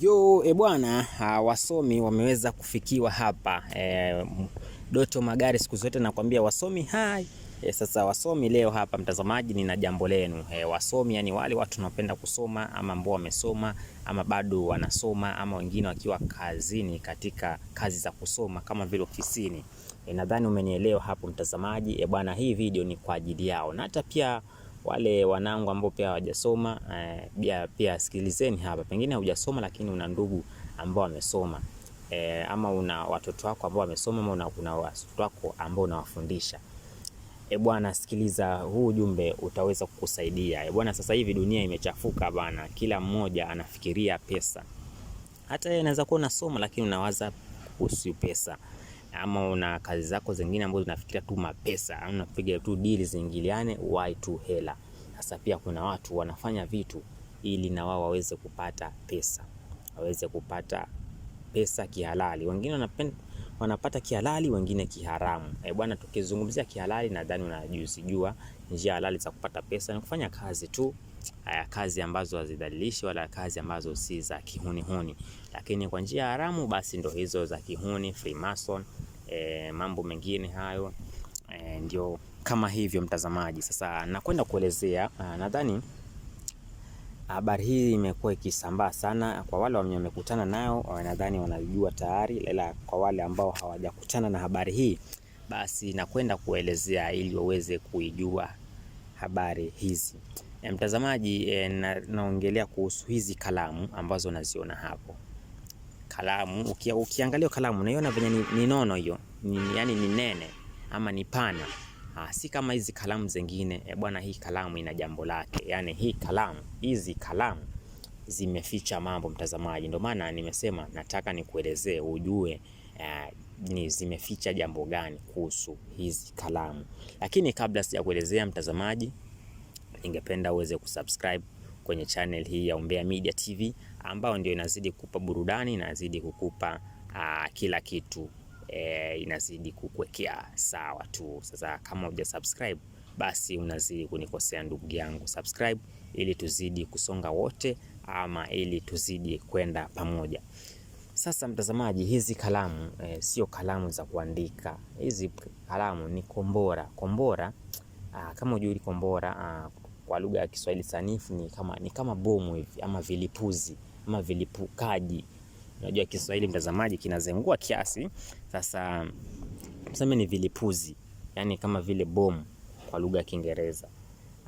Yo, e bwana, wasomi wameweza kufikiwa hapa e, Doto Magari siku zote nakwambia wasomi hai. E, sasa wasomi leo hapa mtazamaji, nina jambo lenu e, wasomi yani wale watu wanapenda kusoma ama ambao wamesoma ama bado wanasoma ama wengine wakiwa kazini katika kazi za kusoma kama vile ofisini e, nadhani umenielewa hapo mtazamaji. E bwana, hii video ni kwa ajili yao na hata pia wale wanangu ambao pia hawajasoma e, eh, pia, pia sikilizeni hapa, pengine hujasoma lakini una ndugu ambao wamesoma eh, ama una watoto wako ambao wamesoma ama una, una watoto wako ambao unawafundisha. E bwana, sikiliza huu ujumbe utaweza kukusaidia. E bwana, sasa hivi dunia imechafuka bana kila mmoja anafikiria pesa. Hata yeye anaweza kuwa unasoma lakini unawaza kuhusu pesa ama una kazi zako zingine ambazo zinafikiria tu mapesa, au unapiga tu dili zingiliane, why tu hela. Sasa pia kuna watu wanafanya vitu ili na wao waweze kupata pesa, waweze kupata pesa kihalali. Wengine wanapenda wanapata kihalali, wengine kiharamu. Eh bwana, tukizungumzia kihalali, nadhani unajua njia halali za kupata pesa ni kufanya kazi tu, haya kazi ambazo hazidhalilishi wala kazi ambazo si za kihunihuni. Lakini kwa njia haramu, basi ndo hizo za kihuni, Freemason e, mambo mengine hayo e, ndio kama hivyo mtazamaji. Sasa nakwenda kuelezea, ah, nadhani habari hii imekuwa ikisambaa sana kwa wale wenye wamekutana nayo, eh, nadhani wanajua tayari, ila kwa wale ambao hawajakutana na habari hii, basi nakwenda kuelezea ili waweze kuijua habari hizi. E, mtazamaji, e, naongelea kuhusu hizi kalamu ambazo naziona hapo kalamu uki, ukiangalia kalamu unaiona venye ni, ni nono hiyo ni, yani ni nene ama ni pana ha, si kama hizi kalamu zingine e, bwana, hii kalamu ina jambo lake. Yani hii kalamu, hizi kalamu zimeficha mambo, mtazamaji. Ndio maana nimesema nataka nikuelezee ujue eh, ni zimeficha jambo gani kuhusu hizi kalamu. Lakini kabla sijakuelezea mtazamaji, ningependa uweze kusubscribe kwenye channel hii ya Umbea Media TV ambayo ndio inazidi kukupa burudani, inazidi kukupa uh, kila kitu e, inazidi kukuwekea sawa tu. Sasa kama uja subscribe basi unazidi kunikosea ndugu yangu, subscribe ili tuzidi kusonga wote, ama ili tuzidi kwenda pamoja. Sasa mtazamaji, hizi kalamu e, sio kalamu za kuandika. Hizi kalamu ni kombora. Kombora a, ah, kama hujui kombora a, ah, kwa lugha ya Kiswahili sanifu ni kama, ni kama bomu hivi ama vilipuzi ama vilipukaji. Unajua Kiswahili mtazamaji kinazengua kiasi. Sasa tuseme ni vilipuzi, yani kama vile bomu kwa lugha ya Kiingereza.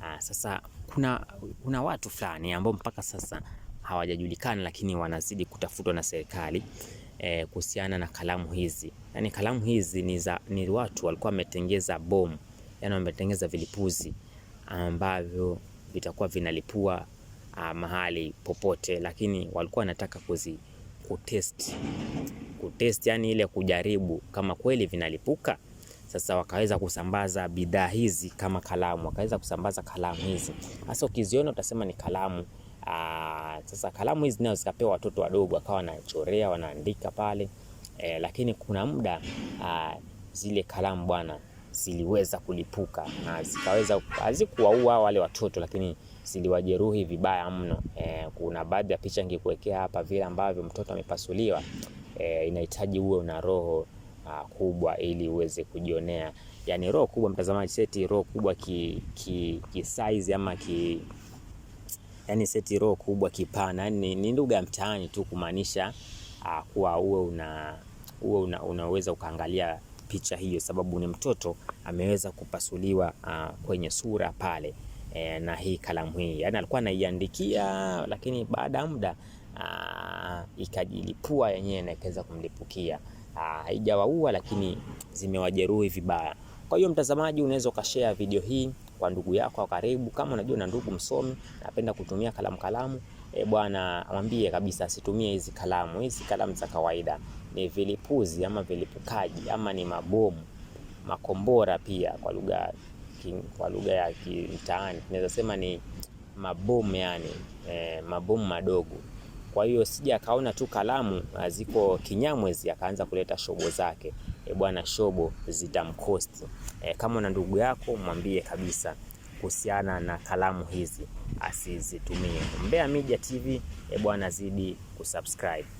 Ah, sasa kuna, kuna watu fulani ambao mpaka sasa hawajajulikana lakini wanazidi kutafutwa na serikali e, kuhusiana na kalamu hizi. Yani kalamu hizi ni, za, ni watu walikuwa wametengeza bomu, yani wametengeza vilipuzi ambavyo vitakuwa vinalipua uh, mahali popote, lakini walikuwa wanataka kuzi kutest kutest, yani ile kujaribu kama kweli vinalipuka. Sasa wakaweza kusambaza bidhaa hizi kama kalamu, wakaweza kusambaza kalamu hizi hasa, ukiziona utasema ni kalamu. Aa, ah, sasa kalamu hizi nazo zikapewa watoto wadogo, wakawa wanachorea wanaandika pale e, lakini kuna muda ah, zile kalamu bwana ziliweza kulipuka na zikaweza, hazikuwaua wale watoto, lakini ziliwajeruhi vibaya mno. E, kuna baadhi ya picha ningekuwekea hapa, vile ambavyo mtoto amepasuliwa. E, inahitaji uwe una roho a, kubwa ili uweze kujionea, yani roho kubwa, mtazamaji, seti roho kubwa ki, ki, ki size ama ki yani seti roho kubwa kipana, ni, ni lugha ya mtaani tu kumaanisha kuwa uwe una uwe una, unaweza ukaangalia picha hiyo, sababu ni mtoto ameweza kupasuliwa uh, kwenye sura pale e, na hii kalamu hii, yani alikuwa anaiandikia, lakini baada ya muda uh, ikajilipua yenyewe na ikaweza kumlipukia. Ah, haijawaua uh, lakini zimewajeruhi vibaya. Kwa hiyo mtazamaji, unaweza ukashare video hii kwa ndugu yako wa karibu. Kama unajua na ndugu msomi napenda kutumia kalamu kalamu, e bwana, mwambie kabisa asitumie hizi kalamu. Hizi kalamu za kawaida ni vilipuzi ama vilipukaji ama ni mabomu, makombora pia kwa lugha kwa lugha ya kimtaani tunaweza sema ni mabomu yani, e, mabomu madogo. Kwa hiyo sija akaona tu kalamu ah, ziko kinyamwezi akaanza kuleta shobo zake e bwana shobo zitamkosti. E, eh, kama una ndugu yako mwambie kabisa kuhusiana na kalamu hizi asizitumie. mbea Media TV, e eh, bwana, zidi kusubscribe.